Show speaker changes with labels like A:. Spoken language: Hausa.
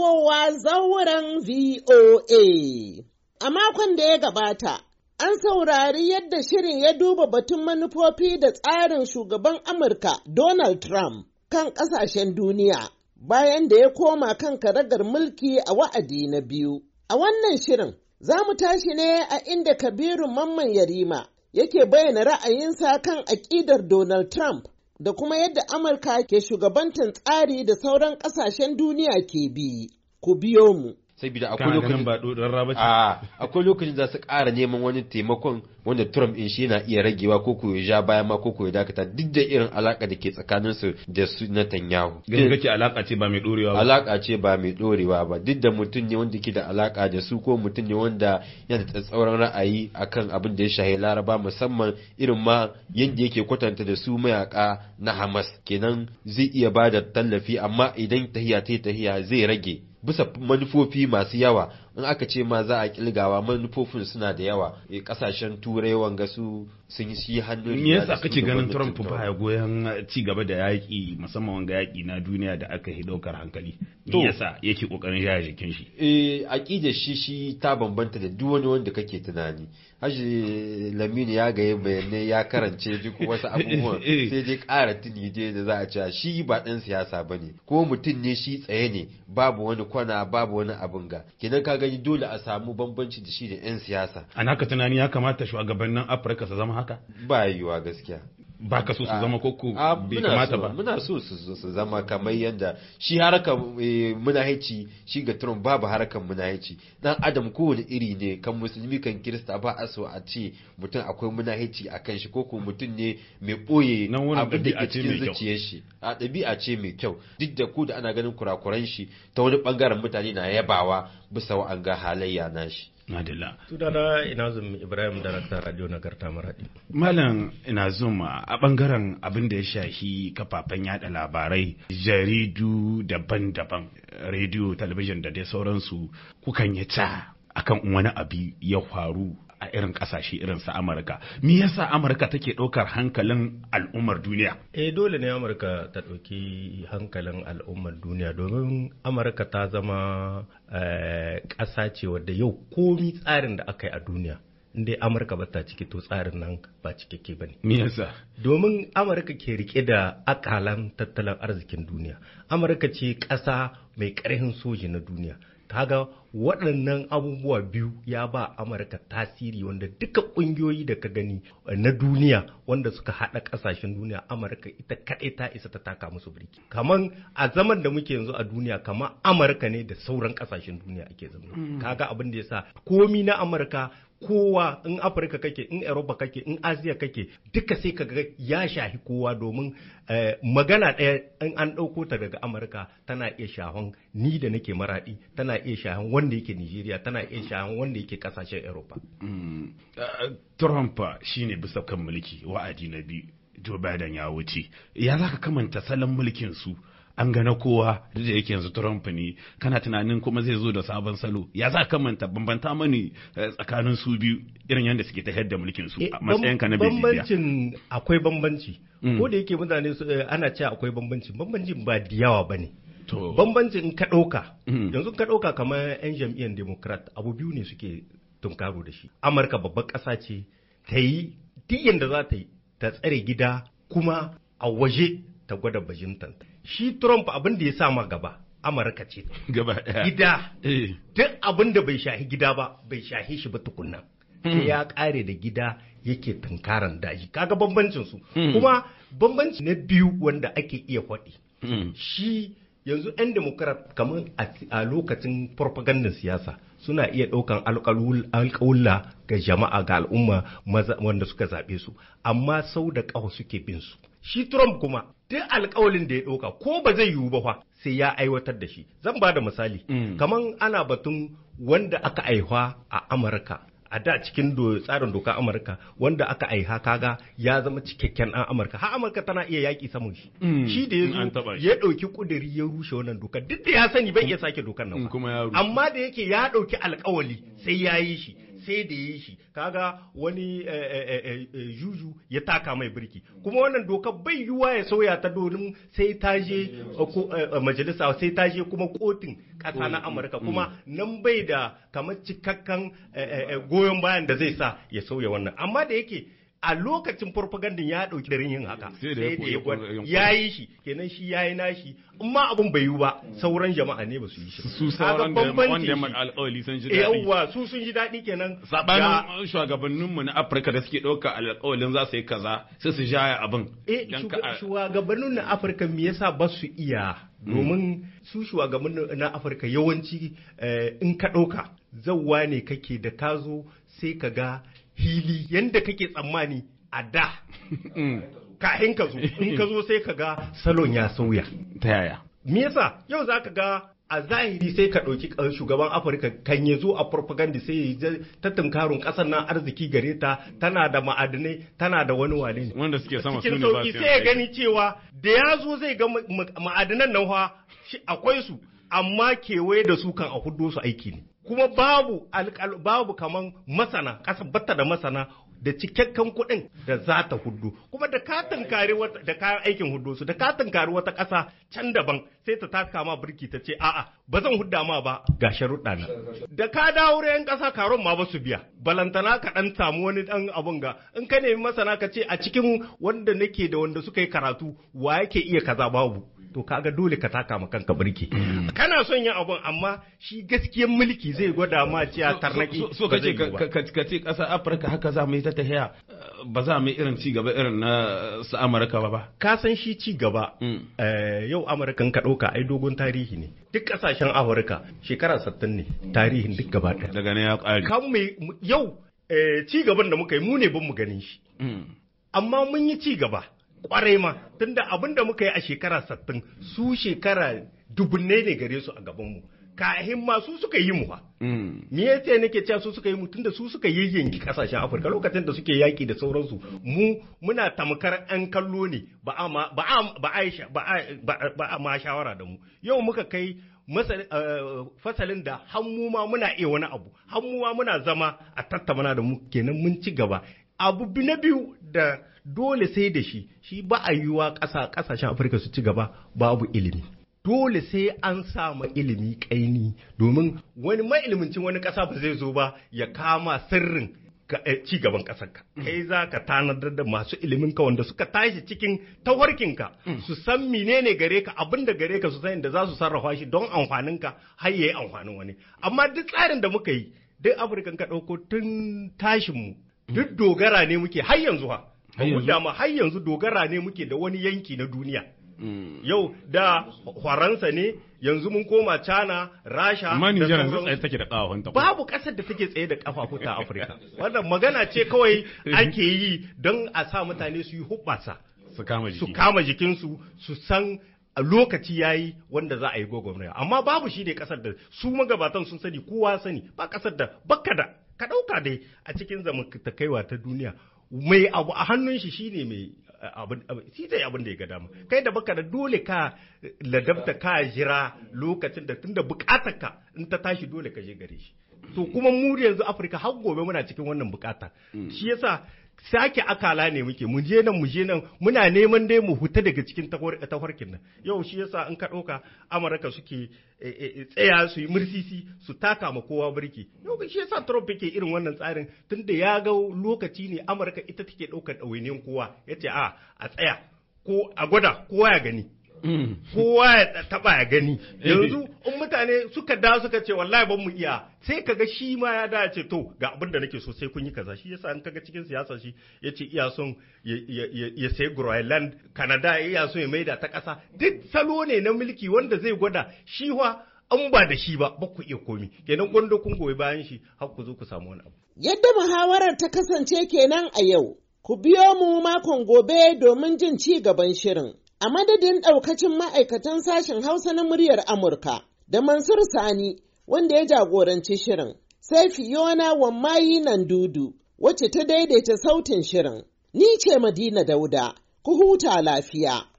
A: shigowa zauren VOA. A makon da ya gabata, an saurari yadda shirin ya duba batun manufofi da tsarin shugaban Amurka Donald Trump kan ƙasashen duniya bayan da ya koma kan karagar mulki a wa'adi na biyu. A wannan shirin, za mu tashi ne a inda Kabiru Mamman Yarima yake bayyana ra'ayinsa kan aƙidar Donald Trump da kuma yadda Amurka ke shugabantar tsari da sauran ƙasashen duniya ke bi. Ku biyo mu.
B: saboda akwai lokacin ba dodon raba ce akwai lokacin za su ƙara neman wani taimakon wanda Trump in shi yana iya ragewa ko ko ya ja baya ma ko ko ya dakata duk da irin alaka da ke tsakanin su da su na Tanyahu ganin kake
C: alaka ce ba mai dorewa ba alaka
B: ce ba mai dorewa ba duk da mutum ne wanda ke da alaka da su ko mutum ne wanda yana da tsauran ra'ayi akan abin da ya shahi Laraba musamman irin ma yanda yake kwatanta da su mayaka na Hamas kenan zai iya ba da tallafi amma idan tahiya ta tahiya zai rage bisa manufofi masu yawa in aka ce ma za a kilgawa manufofin suna da yawa kasashen eh, turai wanga su sun yi hannun me yasa kake ganin Trump ya
C: goyon ci gaba da yaƙi musamman wanga yaƙi na duniya da aka yi ɗaukar hankali me yasa yake kokarin jaya
B: jikin shi eh aqidar shi shi ta bambanta da duk wani wanda kake tunani Haji Lamini ya ga bayanai ya karance duk wasu abubuwan eh. sai dai ƙara tuni dai da za a cewa shi ba ɗan siyasa bane ko mutum ne shi tsaye ne babu wani kwana babu wani abin ga kenan kaga ai dole a samu bambanci da shi da 'yan siyasa. A
C: naka tunani ya kamata shugabannin Afirka su zama haka? Ba yiwuwa gaskiya. ba ka so su zama ko ku bai kamata ba muna
B: so su zama kamar yadda shi harkar haici eh, shi ga Trump babu harkar haici dan adam kowane iri ne kan musulmi kan kirista ba a so a ce mutum akwai munahaici a kan shi ko mutum ne mai boye abin da ke cikin zuciyar shi a ɗabi'a ce mai kyau duk da ko da ana ganin kurakuran shi ta wani bangaren mutane na yabawa bisa an ga halayya na shi Madalla. ina Inazum Ibrahim Darakta Radio na Karta Maradi.
C: Malam Inazum a bangaren abin da ya shafi kafafen yada labarai jaridu daban-daban rediyo talabijin da dai sauransu kukan ya ca akan wani abu ya faru a irin kasashe irin su Amurka. Me yasa Amurka take ɗaukar hankalin al'ummar duniya?
D: Eh dole ne Amurka ta ɗauki hankalin al'ummar duniya domin Amurka ta zama eh, ƙasa ce wadda yau komi tsarin da aka yi a duniya. dai amurka ba ta ciki to tsarin nan ba cikakke ba ne me yasa domin amurka ke rike da akalan tattalin arzikin duniya amurka ce ƙasa mai ƙarfin soji na duniya kaga waɗannan abubuwa biyu ya ba amurka tasiri wanda duka ƙungiyoyi da ka gani eh, na duniya wanda suka haɗa ƙasashen duniya amurka ita kaɗai ta isa ta taka musu birki kaman a zaman da muke yanzu a duniya kamar amurka ne da sauran ƙasashen duniya ake zama mm. kaga abin da yasa komi na amurka kowa in afirka kake in europa kake in asiya kake duka sai ka ga ya shahi kowa domin eh, magana ɗaya in an ɗauko ta daga amurka tana iya shahon ni da nake maraɗi tana iya shahon wanda yake nigeria tana iya shahon wanda yake ƙasashen europa
C: mm, eh, trump shine bisa kan mulki wa'adi na biyu joe biden ya wuce ya za ka kamanta salon mulkin su an gana kowa duk da yake yanzu Trump ne kana tunanin kuma zai zo da sabon salo ya za ka manta bambanta mani eh, tsakanin su biyu irin yadda suke ta da mulkin su eh, a matsayin ka na bambancin akwai bambanci
D: mm. ko da yake mutane eh, ana cewa akwai bambanci bambancin ba da yawa bane bambancin ka ɗauka mm. yanzu ka ɗauka kamar 'yan jam'iyyar democrat abu biyu ne suke tunkaro da shi amurka babbar ƙasa ce ta yi duk yadda za ta yi ta tsare gida kuma a waje ta gwada Bajintanta. shi Trump abin da ya sa ma gaba Amurka ce. Gaba ɗaya. Gida. Eh. Duk abin da bai shahi gida ba bai shahi shi ba tukunna. Sai hmm. ya ƙare da gida yake tunkaran daji kaga bambancin su. Hmm. Kuma bambanci na biyu wanda ake iya faɗi. Hmm. Shi yanzu 'yan demokrat kamar a lokacin farfagandar siyasa suna iya ɗaukan alƙawulla ga jama'a ga al'umma wanda suka zaɓe su amma sau da ƙawa suke bin su shi Trump kuma duk alkawalin da ya ɗauka ko ba zai yiwu ba fa sai ya aiwatar da shi zan ba da misali mm. kaman ana batun wanda aka aihwa a Amurka a da cikin tsarin doka amurka wanda aka aiha kaga ya zama cikakken ɗan amurka har amurka tana iya yaƙi saman shi mm. shi da ya ɗauki ƙudiri ya rushe wannan doka duk da ya sani bai iya sake dokar nan mm, amma da yake ya ɗauki alƙawali sai ya yi shi sai da yi shi kaga wani eh, eh, eh, juju ya taka mai birki kuma wannan dokar bai yiwuwa ya sauya ta domin sai ta je majalisa sai ta je kuma kotun kasa na amurka kuma mm. nan bai da kamar cikakken goyon bayan da zai sa ya sauya wannan amma da yake a lokacin farfagandun ya ɗauki darin yin haka sai da ya yi shi kenan shi ya yi nashi amma abin bai yi ba sauran jama'a ne ba su yi shi su sauran da alƙawali
C: sun ji daɗi yawwa
D: su sun ji daɗi kenan
C: sabanin shugabannin mu na Afirka da suke ɗauka alƙawalin za su yi kaza sai su jaya abin eh,
D: shugabannin na Afirka me yasa ba su iya hmm. domin su shugabannin na Afirka yawanci eh, in ka ɗauka zawwa ne kake da ka zo sai ka ga Fili yadda kake tsammani a da mm. kahin ka zo in ka zo sai ka ga salon ya sauya ta yaya me yasa yau za ka ga a zahiri sai ka ɗauki eh, shugaban afirka kan ya zo a propaganda sai ya ta ƙasar nan arziki gare ta tana da ma'adinai tana da wani wane ne wanda suke sama su ne ba su sai ya gani cewa da ya zo zai ga ma'adinan nan akwai su amma kewaye da su kan a huddo su aiki ne kuma babu babu kaman masana ƙasa batta da masana da cikakken kuɗin da za ta hudu kuma da ka wata da kayan aikin hudu su da ka tunkari wata ƙasa can daban sai ta taka ma birki ta ce a'a ba zan hudda ma ba ga sharuɗa na da ka dawo yan ƙasa karon ma ba su biya balantana ka dan samu wani dan abun ga in ka nemi masana ka ce a cikin wanda nake da wanda suka yi karatu wa yake iya kaza babu to kaga dole ka taka ma kanka birki kana son yin abun amma shi gaskiyar mulki zai gwada ma ciya tarnaki so kace ka
C: ce kasar Afirka haka
D: za mu yi ta tahiya
C: eh, ba za mu irin ci gaba irin na eh, su Amurka ba ba ka san shi ci
D: gaba mm. eh, yau amurkan ka dauka ai dogon tarihi ne duk kasashen Afirka shekara 60 ne tarihin duk gaba daya daga ne ya kare kan yau ci gaban da muka yi mu ne ban mu ganin shi mm. amma mun yi ci gaba kwarai ma tunda abin da muka yi a shekara sattin su shekara dubunne ne gare su a gabanmu kahin ma su suka yi mu fa mm. me yace nake cewa su suka yi mu tunda su suka yi yanki kasashen Afirka lokacin da suke yaki da sauransu mu muna tamkar an kallo ne ba a ma ba Aisha ba ba ma shawara da mu yau muka kai eh, fasalin da hammu ma muna iya wani abu hannu muna zama a tattauna da mu kenan mun ci gaba abu na biyu da dole sai da shi shi ba a yiwuwa ƙasa ƙasashen afirka su ci gaba babu ilimi dole sai an samu ilimi kaini domin wani mailimin wani ƙasa ba zai zo ba ya kama sirrin eh, ci gaban ƙasarka mm. kai za ka tanadar da masu ilimin ka wanda suka tashi cikin tawarkinka mm. su san menene gare ka abin da gare ka su san da za su sarrafa shi don amfanin ka har yayi amfanin wani amma duk tsarin da muka yi duk afirkan ka ɗauko tun tashin mu duk dogara ne muke har yanzu ha dama har yanzu dogara ne muke da wani yanki na duniya hmm. yau da faransa ne yanzu mun koma China rasha nijar yanzu tsaye
C: take da kafafunta
D: babu kasar da take tsaye da kafafunta afirka wannan magana ce kawai ake yi don a sa mutane su yi hubbasa su kama jikinsu su san lokaci ya yi wanda za a yi gwagwamna amma babu shi ne kasar da su magabatan sun sani kowa sani ba kasar da bakka da ka ɗauka dai a cikin zamantakaiwa ta duniya mai abu a hannun shi shine mai eh, shi zai abin da ya ga dama kai da baka da dole ka ladabta ka jira lokacin da tunda bukatar ka in ta tashi dole ka je gare shi to kuma mu yanzu afirka har gobe muna cikin wannan bukata mm. shi yasa sake akala ne muke mu je nan mu je nan muna neman dai mu huta daga cikin tafarkin nan yau shi yasa in ka ɗauka amurka suke e, e, e, tsaya su yi mursisi su taka ma kowa birki yau shi yasa trump yake irin wannan tsarin tunda ya ga lokaci ne amurka ita take ɗaukar ɗawainiyar kowa yace a ah, a tsaya ko a gwada kowa ya gani kowa ya taba ya gani yanzu eh. in mutane suka da suka ce wallahi ban mu iya sai kaga shi ma ya dace ce to ga abin da nake so sai kun yi kaza shi yasa an kaga cikin siyasa shi yace iya son ya sai Groenland Canada iya son ya maida ta kasa duk salo ne na mulki wanda zai gwada shi wa an ba da shi ba ba ku iya komi kenan gwando kun goyi bayan shi har ku zo ku samu
A: wani abu yadda muhawarar ta kasance kenan a yau ku biyo mu makon gobe domin jin ci gaban shirin a madadin ɗaukacin ma'aikatan sashen Hausa na muryar Amurka da Mansur Sani wanda ya jagoranci shirin, sai Fiona Wammayi nan dudu wacce ta daidaita sautin shirin. Ni ce Madina Dauda, ku huta lafiya.